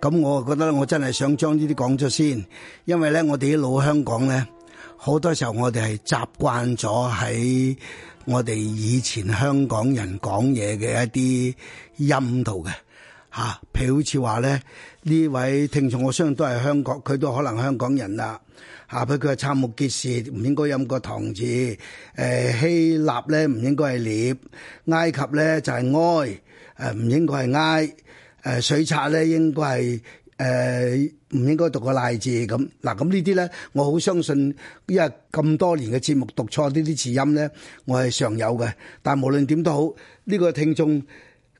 咁我覺得我真係想將呢啲講咗先，因為咧我哋啲老香港咧，好多時候我哋係習慣咗喺我哋以前香港人講嘢嘅一啲音度嘅嚇，譬如好似話咧，呢位聽眾我相信都係香港，佢都可能香港人啦。下邊佢係瞠目結舌，唔應該音個堂字。誒、呃、希臘咧唔應該係獵，埃及咧就係、是、哀，誒唔應該係埃。誒，水擦咧應該係誒，唔、呃、應該讀個賴字咁嗱，咁呢啲咧我好相信，因為咁多年嘅節目讀錯呢啲字音咧，我係常有嘅。但無論點都好，呢個聽眾。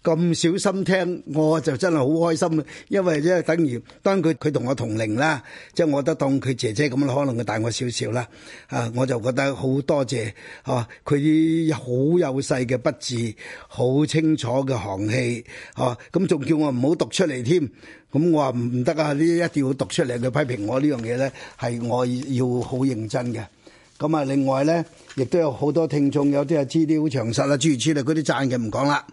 咁小心聽，我就真係好開心，因為即係等於，當佢、佢同我同齡啦，即係我覺得，當佢姐姐咁，可能佢大我少少啦，啊，我就覺得好多謝，啊，佢好有勢嘅筆字，好清楚嘅行氣，啊，咁仲叫我唔好讀出嚟添，咁我話唔得啊，呢一定要讀出嚟。佢批評我，這個，呢樣嘢咧，係我要好認真嘅。咁啊，另外咧，亦都有好多聽眾，有啲啊知啲好詳實啊諸如此類，嗰啲讚嘅唔講啦。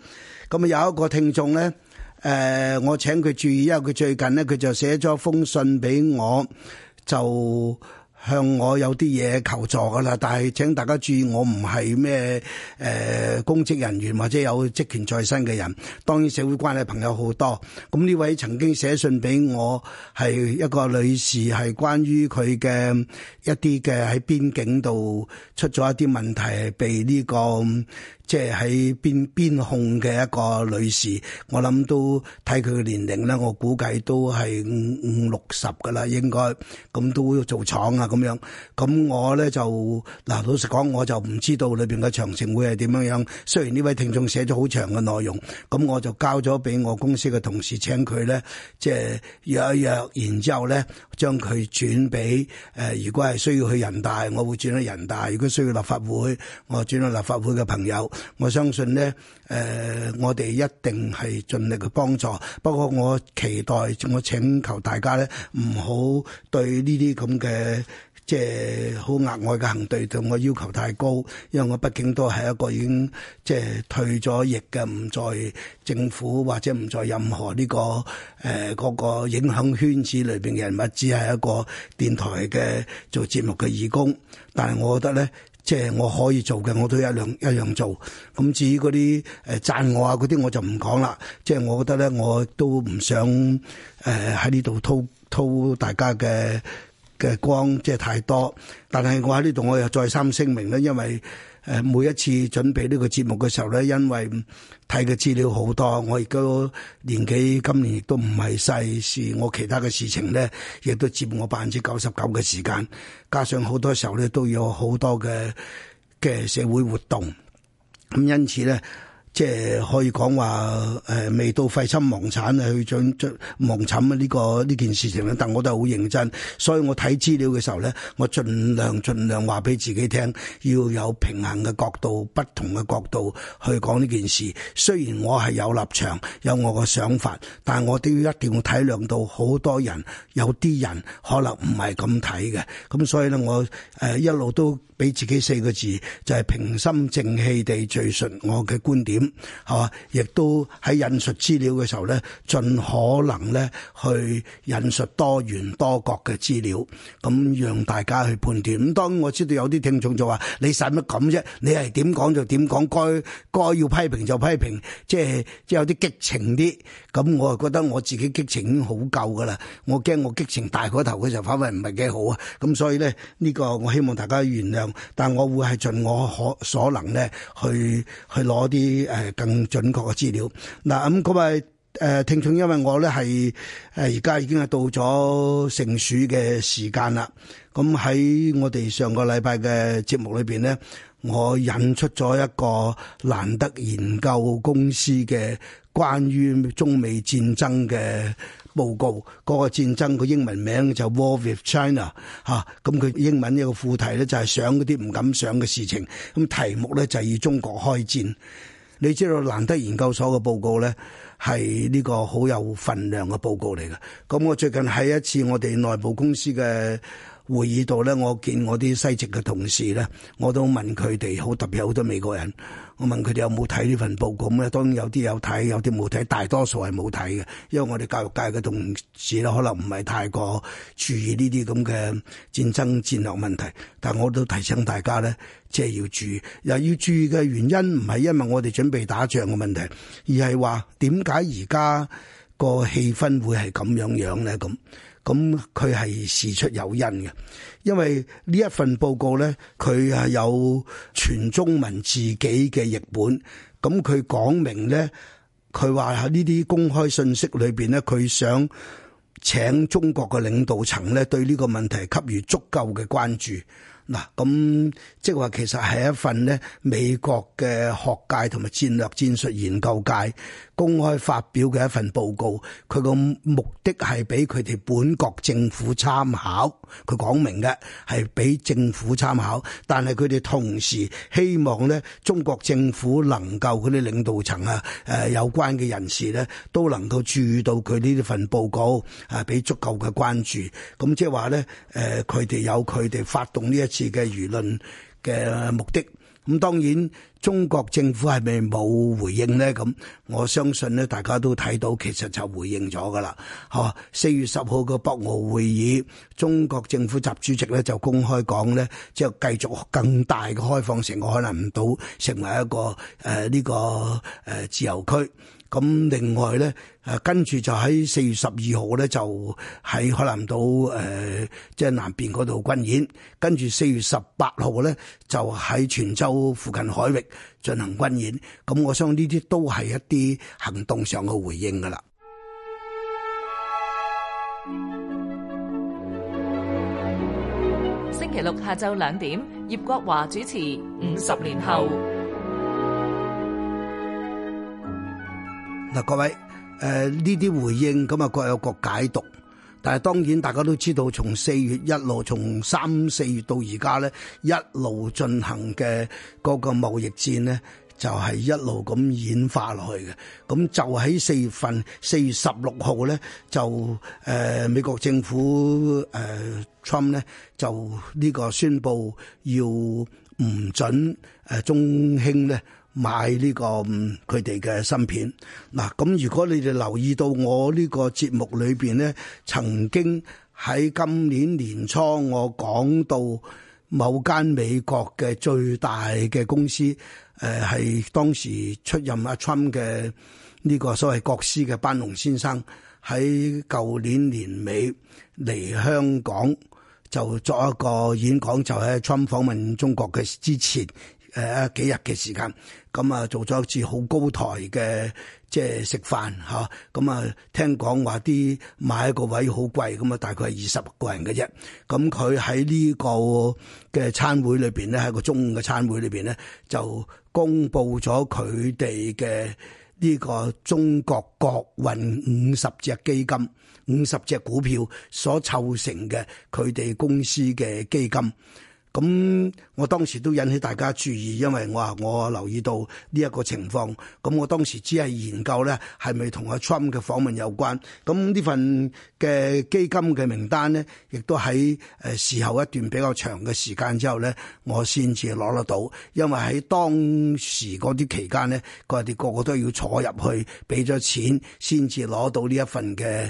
咁啊，有一個聽眾咧，誒、呃，我請佢注意，因為佢最近咧，佢就寫咗封信俾我，就向我有啲嘢求助噶啦。但係請大家注意，我唔係咩誒公職人員或者有職權在身嘅人，當然社會關係朋友好多。咁呢位曾經寫信俾我係一個女士，係關於佢嘅一啲嘅喺邊境度出咗一啲問題，被呢、這個。即係喺邊邊控嘅一個女士，我諗都睇佢嘅年齡咧，我估計都係五五六十噶啦，應該咁都要做廠啊咁樣。咁我咧就嗱，老實講，我就唔知道裏邊嘅詳情會係點樣樣。雖然呢位聽眾寫咗好長嘅內容，咁我就交咗俾我公司嘅同事請佢咧，即係約一約，然之後咧將佢轉俾誒。如果係需要去人大，我會轉去人大；如果需要立法會，我轉去立法會嘅朋友。我相信咧，誒、呃，我哋一定係盡力去幫助。不過我期待，我請求大家咧，唔好對呢啲咁嘅即係好額外嘅行動，對我要求太高。因為我畢竟都係一個已經即係退咗役嘅，唔在政府或者唔在任何呢、這個誒嗰、呃那個影響圈子裏邊嘅人物，只係一個電台嘅做節目嘅義工。但係我覺得咧。即係我可以做嘅，我都一兩一樣做。咁至於嗰啲誒贊我啊嗰啲，我就唔講啦。即係我覺得咧，我都唔想誒喺呢度叨叨大家嘅嘅光，即係太多。但係我喺呢度，我又再三聲明咧，因為。誒每一次準備呢個節目嘅時候咧，因為睇嘅資料好多，我而家年紀今年亦都唔係細事，我其他嘅事情咧，亦都佔我百分之九十九嘅時間，加上好多時候咧，都有好多嘅嘅社會活動，咁因此咧。即係可以講話，誒未到廢寢忘餐啊，去將將亡產啊，呢個呢件事情咧。但我都係好認真，所以我睇資料嘅時候咧，我盡量盡量話俾自己聽要有平衡嘅角度、不同嘅角度去講呢件事。雖然我係有立場，有我個想法，但係我都要一定要體諒到好多人，有啲人可能唔係咁睇嘅。咁所以咧，我誒、呃、一路都俾自己四個字，就係、是、平心靜氣地敘述我嘅觀點。係亦、嗯、都喺引述資料嘅時候咧，盡可能咧去引述多元多國嘅資料，咁讓大家去判斷。咁當我知道有啲聽眾就話：你使乜咁啫？你係點講就點講，該該要批評就批評，即係即係有啲激情啲。咁我啊覺得我自己激情已經好夠噶啦，我驚我激情大過頭嘅時候反，反為唔係幾好啊。咁所以咧，呢個我希望大家原諒，但我會係盡我可所能咧，去去攞啲。誒，更準確嘅資料。嗱，咁嗰位誒聽眾，因為我咧係誒而家已經係到咗盛暑嘅時間啦。咁喺我哋上個禮拜嘅節目裏邊咧，我引出咗一個蘭德研究公司嘅關於中美戰爭嘅報告。嗰個戰爭個英文名就 War with China 嚇。咁佢英文呢個副題咧就係想嗰啲唔敢想嘅事情。咁題目咧就係與中國開戰。你知道蘭德研究所嘅報告咧，係呢個好有份量嘅報告嚟嘅。咁我最近喺一次我哋內部公司嘅會議度咧，我見我啲西籍嘅同事咧，我都問佢哋，好特別好多美國人，我問佢哋有冇睇呢份報告咧？當然有啲有睇，有啲冇睇，大多數係冇睇嘅，因為我哋教育界嘅同事咧，可能唔係太過注意呢啲咁嘅戰爭戰略問題。但我都提醒大家咧，即係要注意，又要注意嘅原因唔係因為我哋準備打仗嘅問題，而係話點解而家個氣氛會係咁樣樣咧？咁。咁佢係事出有因嘅，因為呢一份報告咧，佢係有全中文自己嘅譯本，咁佢講明咧，佢話喺呢啲公開信息裏邊咧，佢想請中國嘅領導層咧對呢個問題給予足夠嘅關注。嗱，咁即係話其實係一份咧美國嘅學界同埋戰略戰術研究界。公開發表嘅一份報告，佢個目的係俾佢哋本國政府參考。佢講明嘅係俾政府參考，但係佢哋同時希望咧，中國政府能夠嗰啲領導層啊，誒、呃、有關嘅人士咧，都能夠注意到佢呢一份報告啊，俾足夠嘅關注。咁、嗯、即係話咧，誒佢哋有佢哋發動呢一次嘅輿論嘅目的。咁、嗯、當然。中國政府係咪冇回應呢？咁我相信咧，大家都睇到，其實就回應咗噶啦。嚇，四月十號個博鰲會議，中國政府習主席咧就公開講咧，即係繼續更大嘅開放，成個海南島成為一個誒呢、呃這個誒、呃、自由區。咁另外咧，誒跟住就喺四月十二號咧，就喺海南島誒、呃、即係南邊嗰度軍演。跟住四月十八號咧，就喺泉州附近海域。進行軍演，咁我相信呢啲都係一啲行動上嘅回應噶啦。星期六下晝兩點，葉國華主持《五十年後》。嗱，各位，誒，呢啲回應咁啊，各有各解讀。但係當然，大家都知道，從四月一路，從三四月到而家咧，一路進行嘅嗰個貿易戰咧，就係、是、一路咁演化落去嘅。咁就喺四月份，四月十六號咧，就誒、呃、美國政府誒 Trump 咧，就呢個宣布要唔準誒中興咧。買呢個佢哋嘅芯片嗱，咁如果你哋留意到我呢個節目裏邊呢，曾經喺今年年初我講到某間美國嘅最大嘅公司，誒係當時出任阿 Trump 嘅呢個所謂國師嘅班農先生，喺舊年年尾嚟香港就作一個演講，就喺 Trump 訪問中國嘅之前。誒幾日嘅時間，咁啊做咗一次好高台嘅即係食飯嚇，咁啊聽講話啲買個位好貴，咁啊大概係二十個人嘅啫，咁佢喺呢個嘅餐會裏邊咧，喺個中午嘅餐會裏邊咧，就公布咗佢哋嘅呢個中國國運五十隻基金、五十隻股票所構成嘅佢哋公司嘅基金。咁我當時都引起大家注意，因為我話我留意到呢一個情況。咁我當時只係研究咧係咪同阿 Trump 嘅訪問有關。咁呢份嘅基金嘅名單咧，亦都喺誒事後一段比較長嘅時間之後咧，我先至攞得到。因為喺當時嗰啲期間咧，佢哋個個都要坐入去俾咗錢，先至攞到呢一份嘅。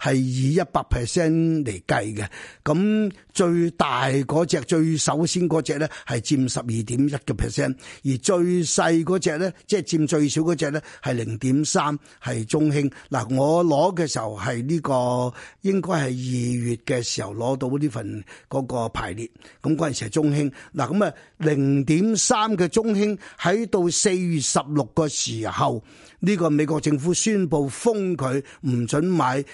係以一百 percent 嚟計嘅，咁最大嗰隻，最首先嗰隻咧，係佔十二點一嘅 percent，而最細嗰隻咧，即係佔最少嗰隻咧，係零點三，係中興。嗱，我攞嘅時候係呢個，應該係二月嘅時候攞到呢份嗰個排列，咁嗰陣時係中興。嗱，咁啊零點三嘅中興喺到四月十六個時候，呢個美國政府宣布封佢唔准買。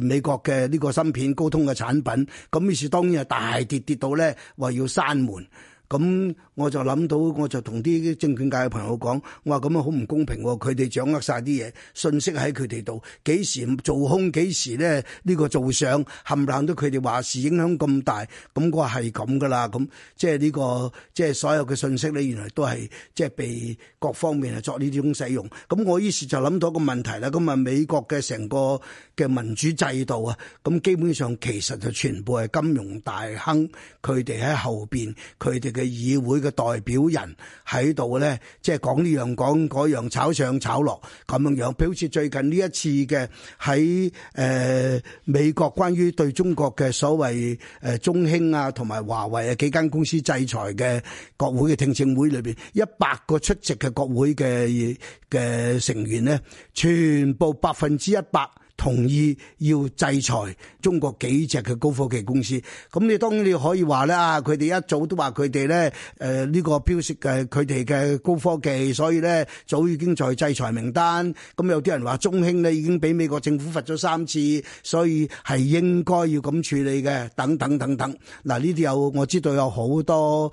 誒，美國嘅呢個芯片高通嘅產品，咁於是當然係大跌，跌到咧，話要閂門。咁我就諗到，我就同啲證券界嘅朋友講，我話咁樣好唔公平，佢哋掌握晒啲嘢，信息喺佢哋度，幾時做空幾時咧？呢個做上冚唪唥都佢哋話事，影響咁大，咁個係咁噶啦，咁即係呢個即係所有嘅信息咧，原來都係即係被各方面係作呢啲咁使用。咁我於是就諗到一個問題啦，咁啊美國嘅成個嘅民主制度啊，咁基本上其實就全部係金融大亨佢哋喺後邊佢哋。嘅議會嘅代表人喺度咧，即係講呢樣講嗰樣，炒上炒落咁樣樣。比如好似最近呢一次嘅喺誒美國關於對中國嘅所謂誒中興啊同埋華為啊幾間公司制裁嘅國會嘅聽證會裏邊，一百個出席嘅國會嘅嘅成員咧，全部百分之一百，同意要制裁中國幾隻嘅高科技公司，咁你當然你可以話啦，佢、啊、哋一早都話佢哋咧，誒、呃、呢、呢個標識嘅佢哋嘅高科技，所以咧早已經在制裁名單，咁、嗯、有啲人話中興咧已經俾美國政府罰咗三次，所以係應該要咁處理嘅，等等等等。嗱，呢啲有我知道有好多。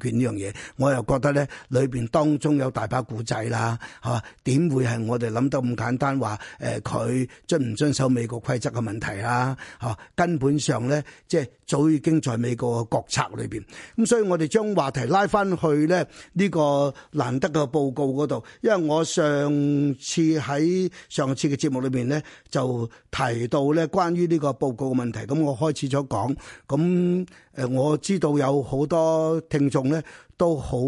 權呢樣嘢，我又覺得咧，裏邊當中有大把故仔啦，嚇、啊、點會係我哋諗得咁簡單話？誒，佢、呃、遵唔遵守美國規則嘅問題啦、啊，嚇、啊、根本上咧，即係早已經在美國嘅國策裏邊。咁、嗯、所以我哋將話題拉翻去咧呢、這個難得嘅報告嗰度，因為我上次喺上次嘅節目裏面咧就提到咧關於呢個報告嘅問題，咁我開始咗講，咁。誒，我知道有好多聽眾咧，都好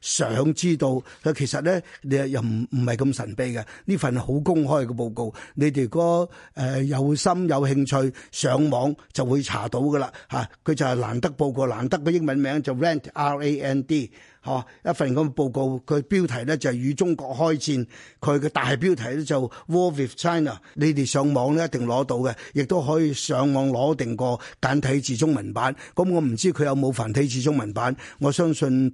想知道佢其實咧，又又唔唔係咁神秘嘅，呢份好公開嘅報告。你哋如果誒有心有興趣上網就會查到㗎啦嚇。佢就係蘭德報告，蘭德嘅英文名就 RAND R A N D，嚇一份咁嘅報告。佢標題咧就係與中國開戰，佢嘅大標題咧就 War with China。你哋上網咧一定攞到嘅，亦都可以上網攞定個簡體字中文版。咁我唔知佢有冇繁體字中文版，我相信。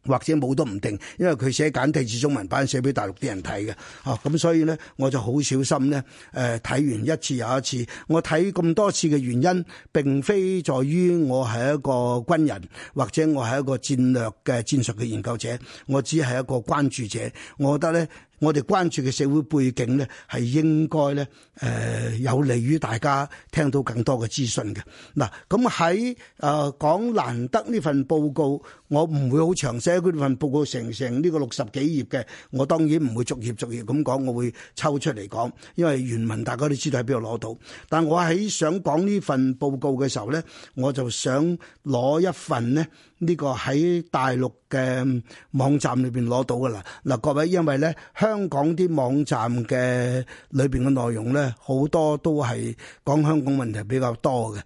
或者冇都唔定，因為佢寫簡體字中文版寫俾大陸啲人睇嘅，吓、啊、咁所以咧我就好小心咧。誒、呃，睇完一次又一次，我睇咁多次嘅原因，並非在於我係一個軍人，或者我係一個戰略嘅戰術嘅研究者，我只係一個關注者。我覺得咧，我哋關注嘅社會背景咧，係應該咧，誒、呃，有利於大家聽到更多嘅資訊嘅。嗱、啊，咁喺誒講難得呢份報告，我唔會好詳細。呢份報告，成成呢個六十幾頁嘅，我當然唔會逐頁逐頁咁講，我會抽出嚟講，因為原文大家都知道喺邊度攞到。但我喺想講呢份報告嘅時候咧，我就想攞一份咧，呢個喺大陸嘅網站裏邊攞到噶啦。嗱，各位，因為咧香港啲網站嘅裏邊嘅內容咧，好多都係講香港問題比較多嘅。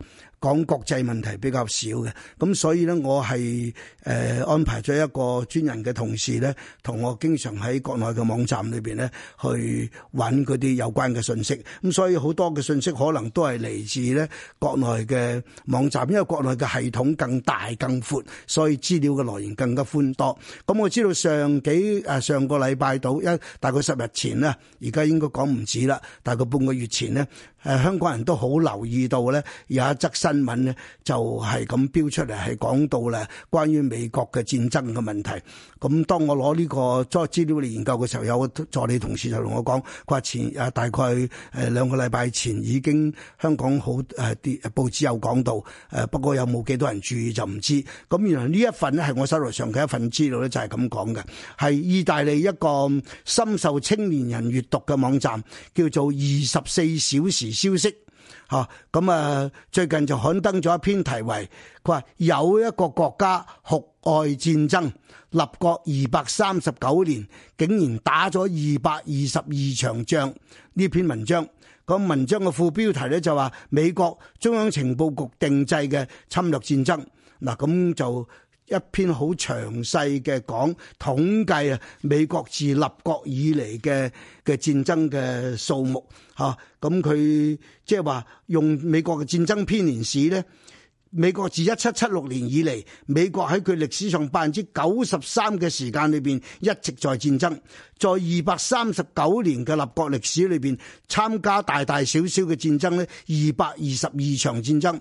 講國際問題比較少嘅，咁所以咧，我係誒安排咗一個專人嘅同事咧，同我經常喺國內嘅網站裏邊咧，去揾嗰啲有關嘅信息。咁所以好多嘅信息可能都係嚟自咧國內嘅網站，因為國內嘅系統更大更闊，所以資料嘅來源更加寬多。咁我知道上幾誒上個禮拜到一大概十日前咧，而家應該講唔止啦，大概半個月前咧。誒，香港人都好留意到咧，有一則新聞咧就係咁標出嚟，係講到咧關於美國嘅戰爭嘅問題。咁當我攞呢個作資料嚟研究嘅時候，有個助理同事就同我講，佢話前誒大概誒兩個禮拜前已經香港好誒啲、啊、報紙有講到誒，不過有冇幾多人注意就唔知。咁原來呢一份咧係我手頭上嘅一份資料咧就係咁講嘅，係意大利一個深受青年人閱讀嘅網站叫做二十四小時。消息嚇，咁啊最近就刊登咗一篇題為，佢話有一個國家酷愛戰爭，立國二百三十九年，竟然打咗二百二十二場仗呢篇文章。個文章嘅副標題呢就話美國中央情報局定製嘅侵略戰爭嗱，咁就。一篇好詳細嘅講統計啊，美國自立國以嚟嘅嘅戰爭嘅數目吓。咁，佢即係話用美國嘅戰爭編年史咧。美國自一七七六年以嚟，美國喺佢歷史上百分之九十三嘅時間裏邊一直在戰爭，在二百三十九年嘅立國歷史裏邊參加大大小小嘅戰爭呢，二百二十二場戰爭，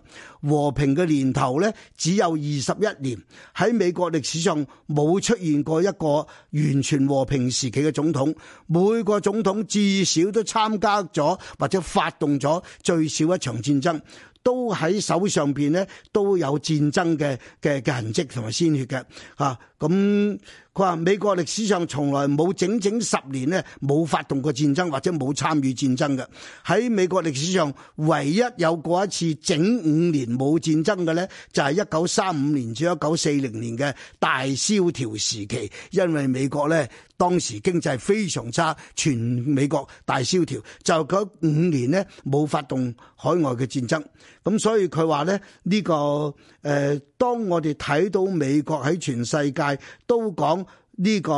和平嘅年頭呢，只有二十一年。喺美國歷史上冇出現過一個完全和平時期嘅總統，每個總統至少都參加咗或者發動咗最少一場戰爭。都喺手上邊咧，都有戰爭嘅嘅嘅痕跡同埋鮮血嘅，吓。咁佢話美國歷史上從來冇整整十年咧冇發動過戰爭或者冇參與戰爭嘅。喺美國歷史上唯一有過一次整五年冇戰爭嘅咧，就係一九三五年至一九四零年嘅大蕭條時期。因為美國咧當時經濟非常差，全美國大蕭條，就嗰五年咧冇發動海外嘅戰爭。咁所以佢話咧呢個誒、呃，當我哋睇到美國喺全世界。都講呢個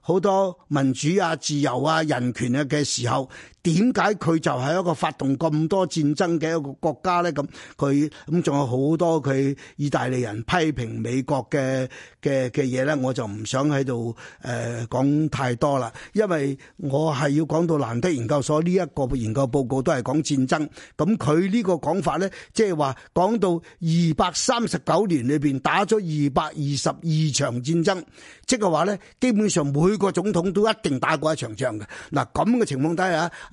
好多民主啊、自由啊、人權啊嘅時候。點解佢就係一個發動咁多戰爭嘅一個國家咧？咁佢咁仲有好多佢意大利人批評美國嘅嘅嘅嘢咧，我就唔想喺度誒講太多啦，因為我係要講到蘭德研究所呢一個研究報告都係講戰爭。咁佢呢個講法咧，即係話講到二百三十九年裏邊打咗二百二十二場戰爭，即係話咧，基本上每個總統都一定打過一場仗嘅。嗱咁嘅情況底下。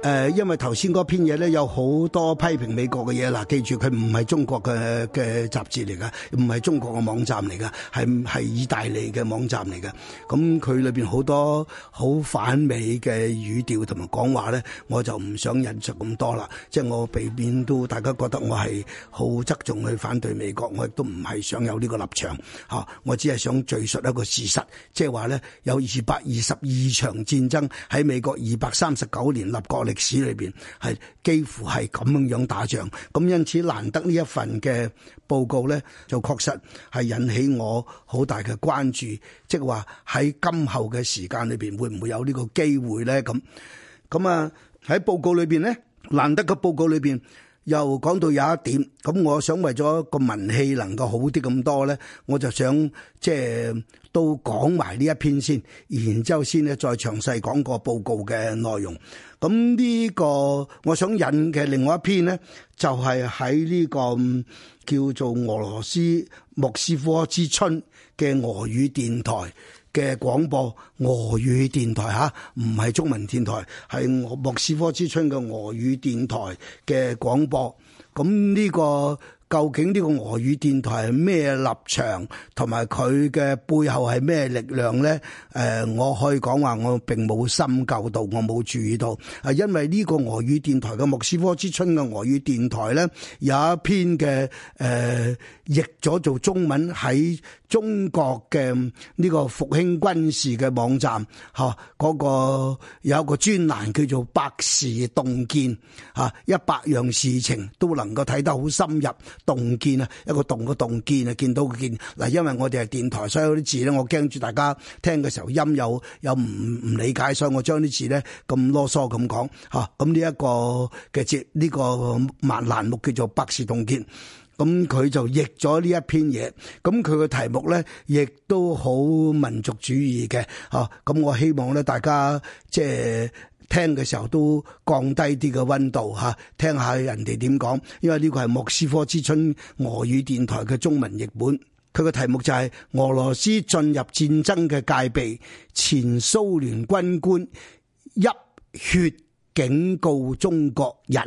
誒，因為頭先篇嘢咧，有好多批評美國嘅嘢啦。記住，佢唔係中國嘅嘅雜誌嚟噶，唔係中國嘅網站嚟噶，係係意大利嘅網站嚟噶。咁、嗯、佢裏邊好多好反美嘅語調同埋講話咧，我就唔想引述咁多啦。即係我避免都大家覺得我係好側重去反對美國，我亦都唔係想有呢個立場吓、啊，我只係想敘述一個事實，即係話咧有二百二十二場戰爭喺美國二百三十九年立國。歷史裏邊係幾乎係咁樣樣打仗，咁因此難得呢一份嘅報告咧，就確實係引起我好大嘅關注，即係話喺今後嘅時間裏邊，會唔會有呢個機會咧？咁咁啊喺報告裏邊咧，難得嘅報告裏邊。又講到有一點，咁我想為咗個文氣能夠好啲咁多咧，我就想即係都講埋呢一篇先，然之後先咧再詳細講個報告嘅內容。咁呢個我想引嘅另外一篇咧，就係喺呢個叫做俄羅斯莫斯科之春嘅俄語電台，嘅廣播俄語電台吓，唔係中文電台，係莫斯科之春嘅俄語電台嘅廣播，咁呢、這個。究竟呢個俄語電台係咩立場，同埋佢嘅背後係咩力量咧？誒、呃，我可以講話，我並冇深究到，我冇注意到。係因為呢個俄語電台嘅莫斯科之春嘅俄語電台咧，有一篇嘅誒譯咗做中文喺中國嘅呢個復興軍事嘅網站，嚇嗰、那個有一個專欄叫做百事洞見，嚇，一百樣事情都能夠睇得好深入。洞見啊，一個洞個洞見啊，見到個見嗱，因為我哋係電台，所以啲字咧，我驚住大家聽嘅時候音有有唔唔理解，所以我將啲字咧咁囉嗦咁講嚇。咁呢一個嘅字，呢、這個欄目叫做百事洞見。咁佢、嗯、就譯咗呢一篇嘢。咁佢嘅題目咧，亦都好民族主義嘅嚇。咁、啊嗯、我希望咧，大家即係。聽嘅時候都降低啲嘅溫度吓，聽下人哋點講，因為呢個係莫斯科之春俄語電台嘅中文譯本，佢嘅題目就係、是、俄羅斯進入戰爭嘅戒備，前蘇聯軍官泣血。警告中國人。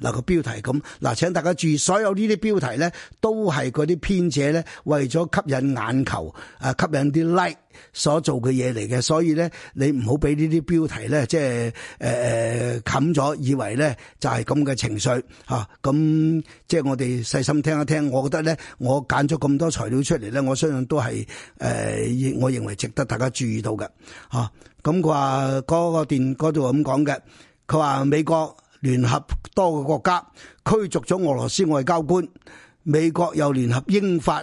嗱、那個標題咁嗱，請大家注意，所有呢啲標題咧都係嗰啲編者咧為咗吸引眼球啊，吸引啲 like 所做嘅嘢嚟嘅，所以咧你唔好俾呢啲標題咧，即係誒誒冚咗，以為咧就係咁嘅情緒嚇。咁、啊、即係我哋細心聽一聽，我覺得咧，我揀咗咁多材料出嚟咧，我相信都係誒、呃，我認為值得大家注意到嘅嚇。咁佢話嗰個電嗰度咁講嘅。那個佢話美國聯合多個國家驅逐咗俄羅斯外交官，美國又聯合英法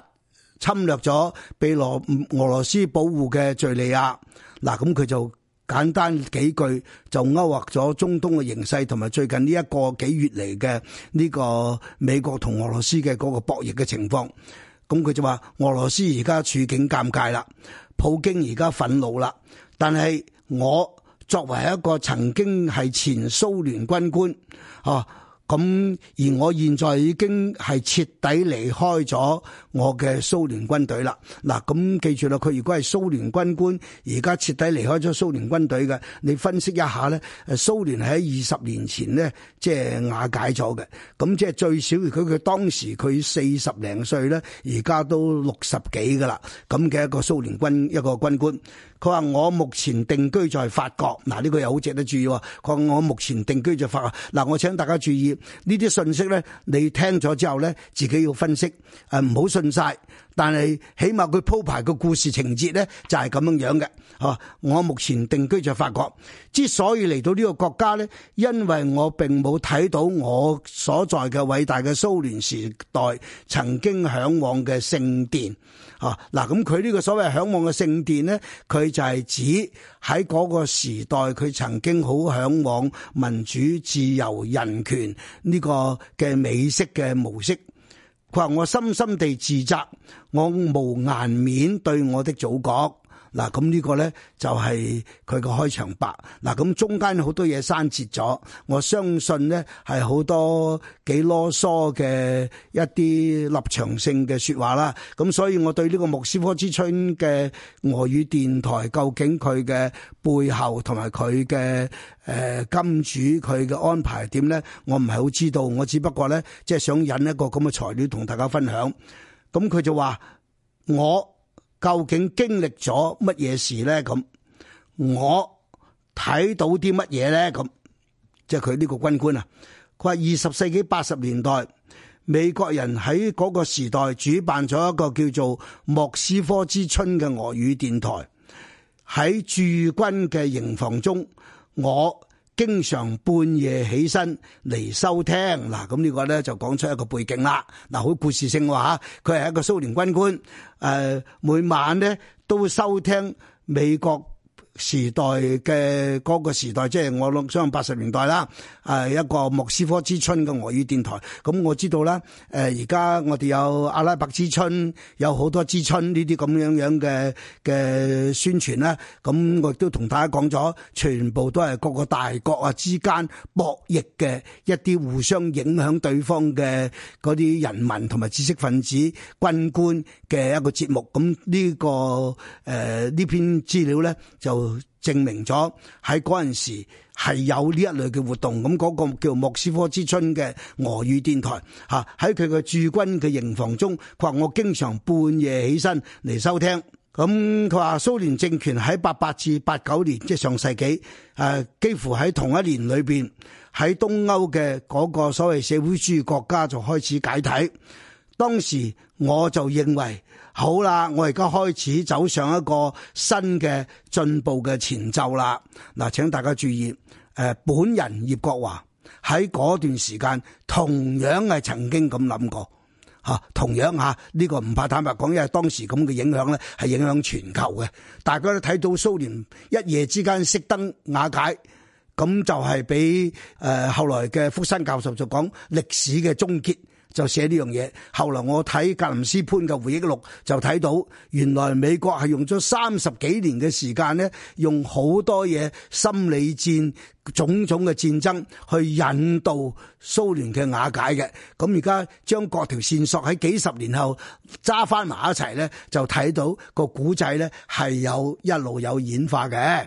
侵略咗被羅俄羅斯保護嘅敘利亞。嗱，咁佢就簡單幾句就勾畫咗中東嘅形勢同埋最近呢一個幾月嚟嘅呢個美國同俄羅斯嘅嗰個博弈嘅情況。咁佢就話俄羅斯而家處境尷尬啦，普京而家憤怒啦，但係我。作為一個曾經係前蘇聯軍官，哦、啊、咁，而我現在已經係徹底離開咗我嘅蘇聯軍隊啦。嗱，咁記住啦，佢如果係蘇聯軍官，而家徹底離開咗蘇聯軍隊嘅，你分析一下咧，蘇聯喺二十年前呢，即係瓦解咗嘅。咁即係最少，佢佢當時佢四十零歲咧，而家都六十幾噶啦，咁嘅一個蘇聯軍一個軍官。佢話：我目前定居在法國，嗱、這、呢個又好值得注意喎。佢話我目前定居在法國，嗱我請大家注意呢啲信息咧，你聽咗之後咧，自己要分析，誒唔好信晒。但係，起碼佢鋪排個故事情節呢，就係咁樣樣嘅。嚇，我目前定居在法國，之所以嚟到呢個國家呢，因為我並冇睇到我所在嘅偉大嘅蘇聯時代曾經向往嘅聖殿。嚇，嗱，咁佢呢個所謂向往嘅聖殿呢，佢就係指喺嗰個時代佢曾經好向往民主、自由、人權呢個嘅美式嘅模式。佢話，我深深地自責，我無顏面對我的祖國。嗱，咁呢個咧就係佢個開場白。嗱，咁中間好多嘢刪節咗，我相信呢，係好多幾囉嗦嘅一啲立場性嘅説話啦。咁所以我對呢個莫斯科之春嘅俄語電台究竟佢嘅背後同埋佢嘅誒金主佢嘅安排係點呢？我唔係好知道。我只不過呢，即係想引一個咁嘅材料同大家分享。咁佢就話我。究竟經歷咗乜嘢事咧？咁我睇到啲乜嘢咧？咁即係佢呢個軍官啊，佢話二十世紀八十年代美國人喺嗰個時代主辦咗一個叫做莫斯科之春嘅俄語電台，喺駐軍嘅營房中，我。經常半夜起身嚟收聽，嗱，咁呢個咧就講出一個背景啦。嗱，好故事性話嚇，佢係一個蘇聯軍官，誒，每晚咧都會收聽美國。時代嘅嗰個時代，即係我諗，上八十年代啦，係一個莫斯科之春嘅俄語電台。咁、嗯、我知道啦，誒、呃，而家我哋有阿拉伯之春，有好多之春呢啲咁樣樣嘅嘅宣傳啦。咁、嗯、我亦都同大家講咗，全部都係各個大國啊之間博弈嘅一啲互相影響對方嘅嗰啲人民同埋知識分子、軍官嘅一個節目。咁、嗯，這個呃、呢個誒呢篇資料咧就。證明咗喺嗰陣時係有呢一類嘅活動，咁、那、嗰個叫莫斯科之春嘅俄語電台吓，喺佢嘅駐軍嘅營房中，佢話我經常半夜起身嚟收聽。咁佢話蘇聯政權喺八八至八九年，即、就是、上世紀誒，幾乎喺同一年裏邊喺東歐嘅嗰個所謂社會主義國家就開始解體。當時我就認為好啦，我而家開始走上一個新嘅進步嘅前奏啦。嗱，請大家注意，誒，本人葉國華喺嗰段時間同樣係曾經咁諗過吓，同樣吓呢個唔怕坦白講，因為當時咁嘅影響咧，係影響全球嘅。大家都睇到蘇聯一夜之間熄燈瓦解，咁就係俾誒後來嘅福山教授就講歷史嘅終結。就寫呢樣嘢。後來我睇格林斯潘嘅回憶錄就睇到，原來美國係用咗三十幾年嘅時間，呢用好多嘢心理戰、種種嘅戰爭去引導蘇聯嘅瓦解嘅，咁而家將各條線索喺幾十年後揸翻埋一齊，呢就睇到個古仔呢係有一路有演化嘅。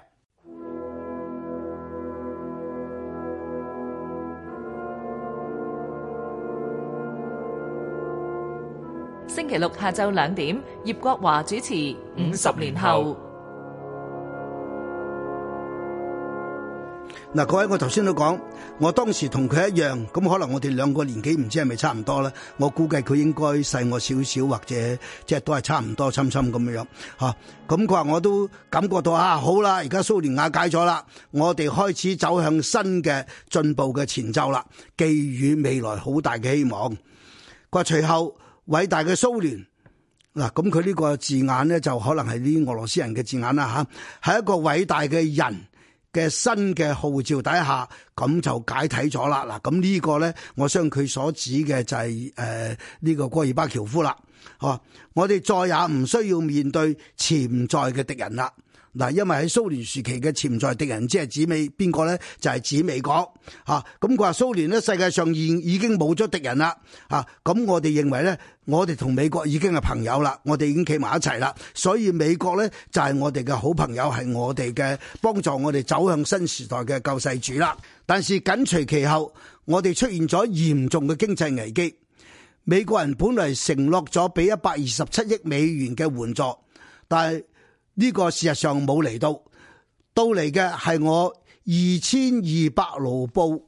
星期六下晝兩點，葉國華主持《五十年後》五五後。嗱，各位我頭先都講，我當時同佢一樣，咁可能我哋兩個年紀唔知係咪差唔多咧？我估計佢應該細我少少，或者即係都係差唔多，深深咁樣吓。咁佢話我都感覺到啊，好啦，而家蘇聯瓦解咗啦，我哋開始走向新嘅進步嘅前奏啦，寄予未來好大嘅希望。佢話隨後。偉大嘅蘇聯，嗱，咁佢呢個字眼咧，就可能係啲俄羅斯人嘅字眼啦吓，喺一個偉大嘅人嘅新嘅號召底下，咁就解體咗啦嗱，咁呢個咧，我相信佢所指嘅就係誒呢個戈爾巴喬夫啦，我哋再也唔需要面對潛在嘅敵人啦。嗱，因為喺蘇聯時期嘅潛在敵人即係指美邊個呢？就係指美國嚇。咁佢話蘇聯呢，世界上現已，已經冇咗敵人啦嚇。咁、啊、我哋認為呢，我哋同美國已經係朋友啦，我哋已經企埋一齊啦。所以美國呢，就係、是、我哋嘅好朋友，係我哋嘅幫助，我哋走向新時代嘅救世主啦。但是緊隨其後，我哋出現咗嚴重嘅經濟危機。美國人本嚟承諾咗俾一百二十七億美元嘅援助，但係。呢個事實上冇嚟到，到嚟嘅係我二千二百盧布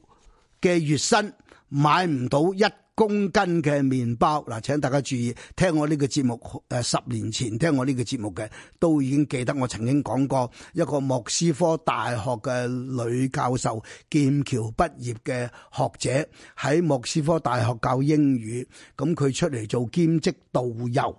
嘅月薪，買唔到一公斤嘅麵包。嗱，請大家注意，聽我呢個節目，誒，十年前聽我呢個節目嘅都已經記得我曾經講過，一個莫斯科大學嘅女教授，劍橋畢業嘅學者，喺莫斯科大學教英語，咁佢出嚟做兼職導遊。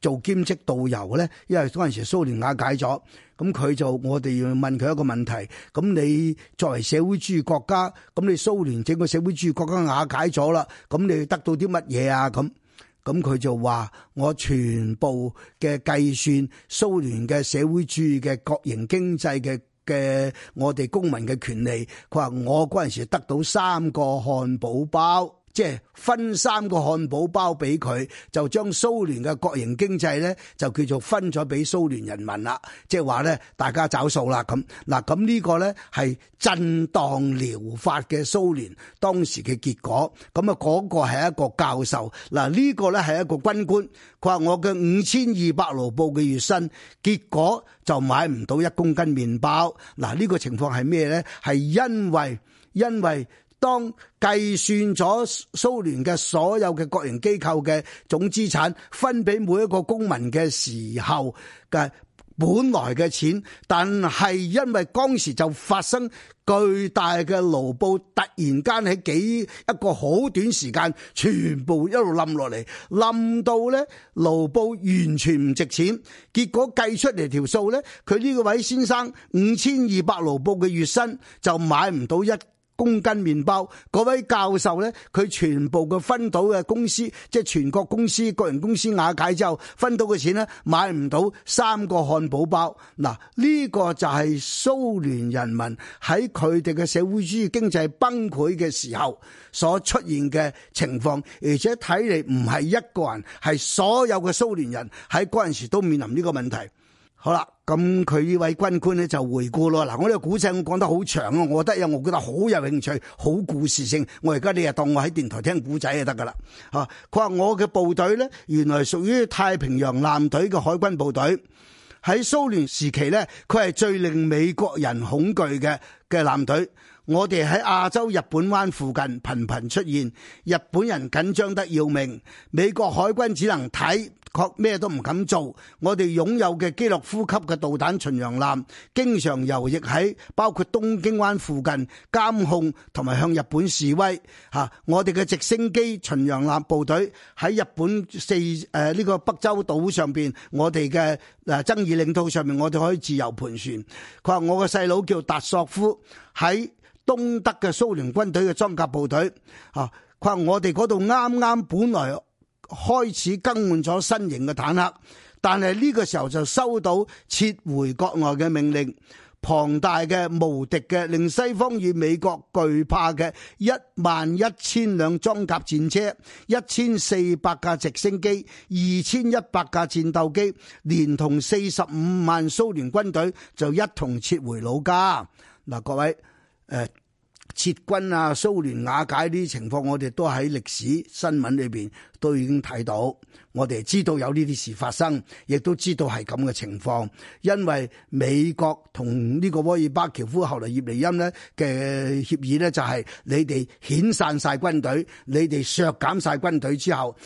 做兼職導遊咧，因為嗰陣時蘇聯瓦解咗，咁佢就我哋要問佢一個問題，咁你作為社會主義國家，咁你蘇聯整個社會主義國家瓦解咗啦，咁你得到啲乜嘢啊？咁，咁佢就話我全部嘅計算蘇聯嘅社會主義嘅國營經濟嘅嘅我哋公民嘅權利，佢話我嗰陣時得到三個漢堡包。即係分三個漢堡包俾佢，就將蘇聯嘅國營經濟咧，就叫做分咗俾蘇聯人民啦。即係話咧，大家找數啦咁。嗱，咁呢個咧係震盪療法嘅蘇聯當時嘅結果。咁啊，嗰個係一個教授。嗱，呢個咧係一個軍官。佢話我嘅五千二百盧布嘅月薪，結果就買唔到一公斤麵包。嗱，呢個情況係咩咧？係因為因為。當計算咗蘇聯嘅所有嘅國營機構嘅總資產分俾每一個公民嘅時候嘅本來嘅錢，但係因為當時就發生巨大嘅盧布突然間喺，幾一個好短時間全部一路冧落嚟，冧到呢盧布完全唔值錢，結果計出嚟條數呢，佢呢個位先生五千二百盧布嘅月薪就買唔到一。公斤麵包，嗰位教授呢，佢全部嘅分到嘅公司，即係全國公司、個人公司瓦解之後，分到嘅錢呢，買唔到三個漢堡包。嗱，呢個就係蘇聯人民喺佢哋嘅社會主義經濟崩潰嘅時候所出現嘅情況，而且睇嚟唔係一個人，係所有嘅蘇聯人喺嗰陣時都面臨呢個問題。好啦。咁佢呢位軍官呢就回顧咯，嗱，我呢個古仔講得好長啊，我覺得有，我覺得好有興趣，好故事性。我而家你又當我喺電台聽古仔就得噶啦，吓、啊。佢話我嘅部隊呢，原來屬於太平洋艦隊嘅海軍部隊，喺蘇聯時期呢，佢係最令美國人恐懼嘅嘅艦隊。我哋喺亞洲日本灣附近頻頻出現，日本人緊張得要命，美國海軍只能睇。確咩都唔敢做，我哋擁有嘅基洛夫級嘅導彈巡洋艦，經常游弋喺包括東京灣附近，監控同埋向日本示威。吓，我哋嘅直升機巡洋艦部隊喺日本四誒呢個北洲島上邊，我哋嘅爭議領土上面，我哋可以自由盤旋。佢話我個細佬叫達索夫，喺東德嘅蘇聯軍隊嘅裝甲部隊。吓，佢話我哋嗰度啱啱本來。開始更換咗新型嘅坦克，但係呢個時候就收到撤回國外嘅命令。龐大嘅無敵嘅，令西方與美國懼怕嘅一萬一千輛裝甲戰車、一千四百架直升機、二千一百架戰鬥機，連同四十五萬蘇聯軍隊就一同撤回老家。嗱，呃，各位誒。呃撤軍啊，蘇聯瓦解呢啲情況，我哋都喺歷史新聞裏邊都已經睇到，我哋知道有呢啲事發生，亦都知道係咁嘅情況，因為美國同呢個戈爾巴喬夫後來葉利欽呢嘅協議呢，就係你哋遣散晒軍隊，你哋削減晒軍隊之後。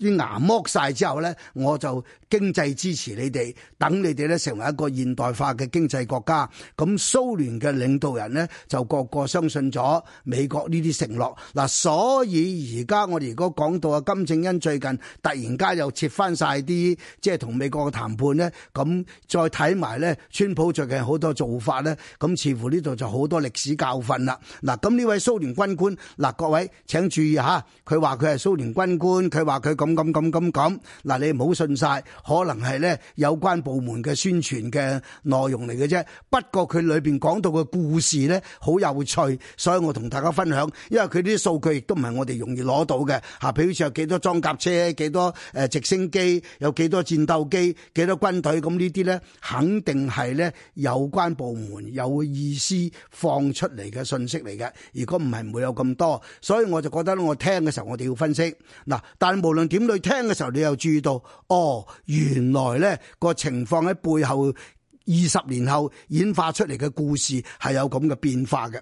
啲牙剝晒之後呢，我就經濟支持你哋，等你哋呢成為一個現代化嘅經濟國家。咁蘇聯嘅領導人呢，就個個相信咗美國呢啲承諾。嗱，所以而家我哋如果講到啊，金正恩最近突然間又撤翻晒啲即係同美國嘅談判呢。咁再睇埋呢，川普最近好多做法呢，咁似乎呢度就好多歷史教訓啦。嗱，咁呢位蘇聯軍官，嗱各位請注意吓，佢話佢係蘇聯軍官，佢話佢咁。咁咁咁咁，嗱你唔好信晒，可能係咧有關部門嘅宣傳嘅內容嚟嘅啫。不過佢裏邊講到嘅故事咧，好有趣，所以我同大家分享。話因為佢啲數據亦都唔係我哋容易攞到嘅，吓，譬如似有幾多裝甲車、幾多誒直升機、有幾多戰鬥機、幾多軍隊，咁呢啲咧肯定係咧有關部門有意思放出嚟嘅信息嚟嘅。如果唔係，唔會有咁多。所以我就覺得我聽嘅時候，我哋要分析嗱。但係無論點。咁你聽嘅時候，你又注意到，哦，原來呢個情況喺背後二十年後演化出嚟嘅故事係有咁嘅變化嘅。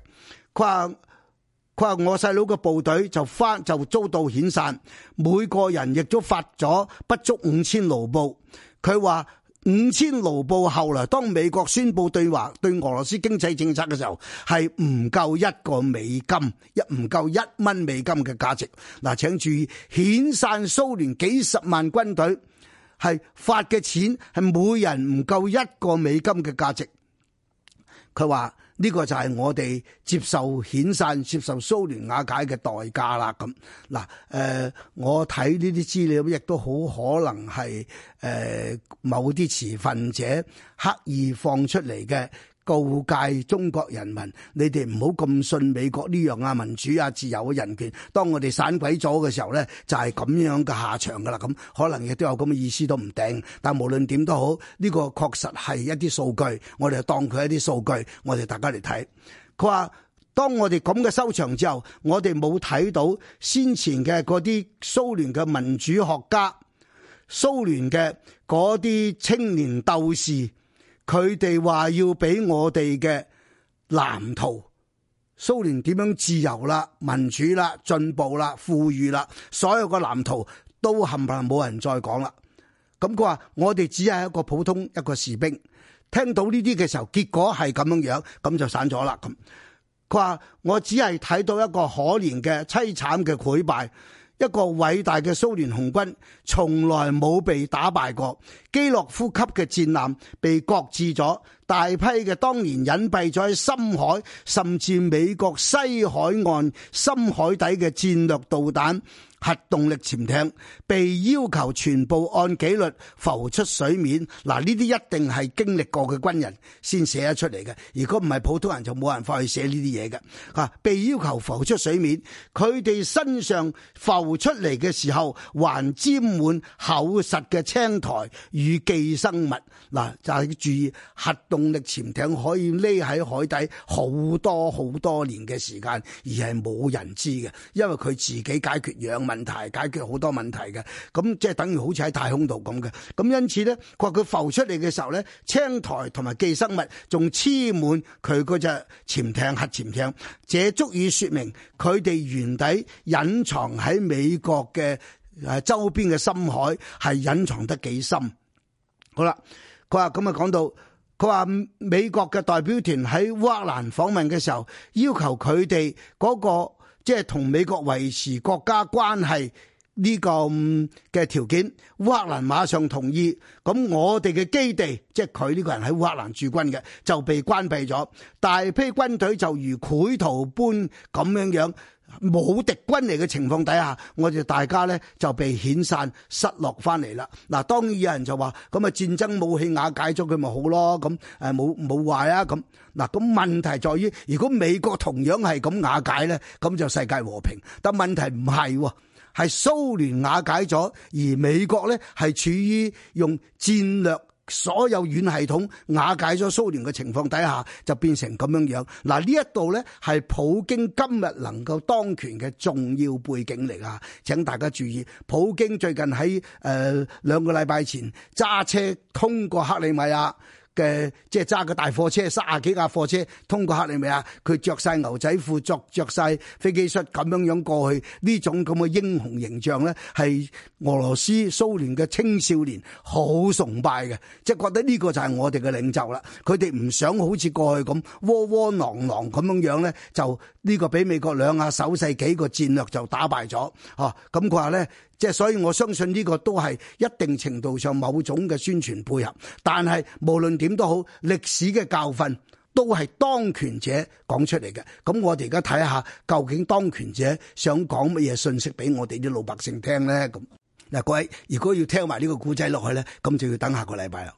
佢話佢話我細佬嘅部隊就翻就遭到遣散，每個人亦都發咗不足五千盧布。佢話。五千盧布後來，當美國宣布對華對俄羅斯經濟政策嘅時候，係唔夠一個美金，一唔夠一蚊美金嘅價值。嗱，請注意，遣散蘇聯幾十萬軍隊係發嘅錢係每人唔夠一個美金嘅價值。佢話。呢個就係我哋接受遣散、接受蘇聯瓦解嘅代價啦。咁嗱，誒，我睇呢啲資料，亦都好可能係誒、呃、某啲持份者刻意放出嚟嘅。告誡中國人民，你哋唔好咁信美國呢樣啊，民主啊，自由嘅，啊、人權。當我哋散鬼咗嘅時候呢就係、是、咁樣嘅下場噶啦。咁可能亦都有咁嘅意思都唔定。但係無論點都好，呢、這個確實係一啲數據，我哋當佢一啲數據，我哋大家嚟睇。佢話當我哋咁嘅收場之後，我哋冇睇到先前嘅嗰啲蘇聯嘅民主學家、蘇聯嘅嗰啲青年鬥士。佢哋話要俾我哋嘅藍圖，蘇聯點樣自由啦、民主啦、進步啦、富裕啦，所有個藍圖都冚唪唥冇人再講啦。咁佢話我哋只係一個普通一個士兵，聽到呢啲嘅時候，結果係咁樣樣，咁就散咗啦。咁佢話我只係睇到一個可憐嘅、淒慘嘅潰敗。一個偉大嘅蘇聯紅軍從來冇被打敗過，基洛夫級嘅戰艦被擱置咗，大批嘅當年隱蔽咗喺深海，甚至美國西海岸深海底嘅戰略導彈。核動力潛艇被要求全部按紀律浮出水面，嗱，呢啲一定係經歷過嘅軍人先寫得出嚟嘅，如果唔係普通人就冇辦法去寫呢啲嘢嘅。啊，被要求浮出水面，佢哋身上浮出嚟嘅時候，還沾滿厚實嘅青苔與寄生物。嗱，啊，就係、是，注意核動力潛艇可以匿喺海底好多好多年嘅時間，而係冇人知嘅，因為佢自己解決氧。問題解決好多問題嘅，咁即係等於好似喺太空度咁嘅，咁因此咧，佢話佢浮出嚟嘅時候咧，青苔同埋寄生物仲黐滿佢嗰隻潛艇核潛艇，這足以說明佢哋原底隱藏喺美國嘅誒周邊嘅深海係隱藏得幾深。好啦，佢話咁啊講到，佢話美國嘅代表團喺烏克蘭訪問嘅時候，要求佢哋嗰個。即係同美國維持國家關係呢個嘅條件，烏克蘭馬上同意。咁我哋嘅基地，即係佢呢個人喺烏克蘭駐軍嘅，就被關閉咗。大批軍隊就如繪圖般咁樣樣。冇敵軍嚟嘅情況底下，我哋大家咧就被遣散失落翻嚟啦。嗱，當然有人就話，咁啊戰爭武器瓦解咗佢咪好咯？咁誒冇冇壞啊？咁嗱，咁問題在於，如果美國同樣係咁瓦解咧，咁就世界和平。但問題唔係，係蘇聯瓦解咗，而美國咧係處於用戰略。所有軟系統瓦解咗蘇聯嘅情況底下，就變成咁樣樣。嗱，呢一度呢係普京今日能夠當權嘅重要背景嚟啊！請大家注意，普京最近喺誒兩個禮拜前揸車通過克里米亞。嘅即係揸個大貨車，卅幾架貨車通過克里米亞，佢着曬牛仔褲，着着曬飛機恤咁樣樣過去，呢種咁嘅英雄形象咧，係俄羅斯蘇聯嘅青少年好崇拜嘅，即係覺得呢個就係我哋嘅領袖啦。佢哋唔想好似過去咁窩窩囊囊咁樣樣咧，就呢個俾美國兩下手勢幾個戰略就打敗咗。嚇咁佢話咧。即係，所以我相信呢個都係一定程度上某種嘅宣傳配合。但係無論點都好，歷史嘅教訓都係當權者講出嚟嘅。咁我哋而家睇下，究竟當權者想講乜嘢信息俾我哋啲老百姓聽咧？咁嗱，各位，如果要聽埋呢個古仔落去咧，咁就要等下個禮拜啦。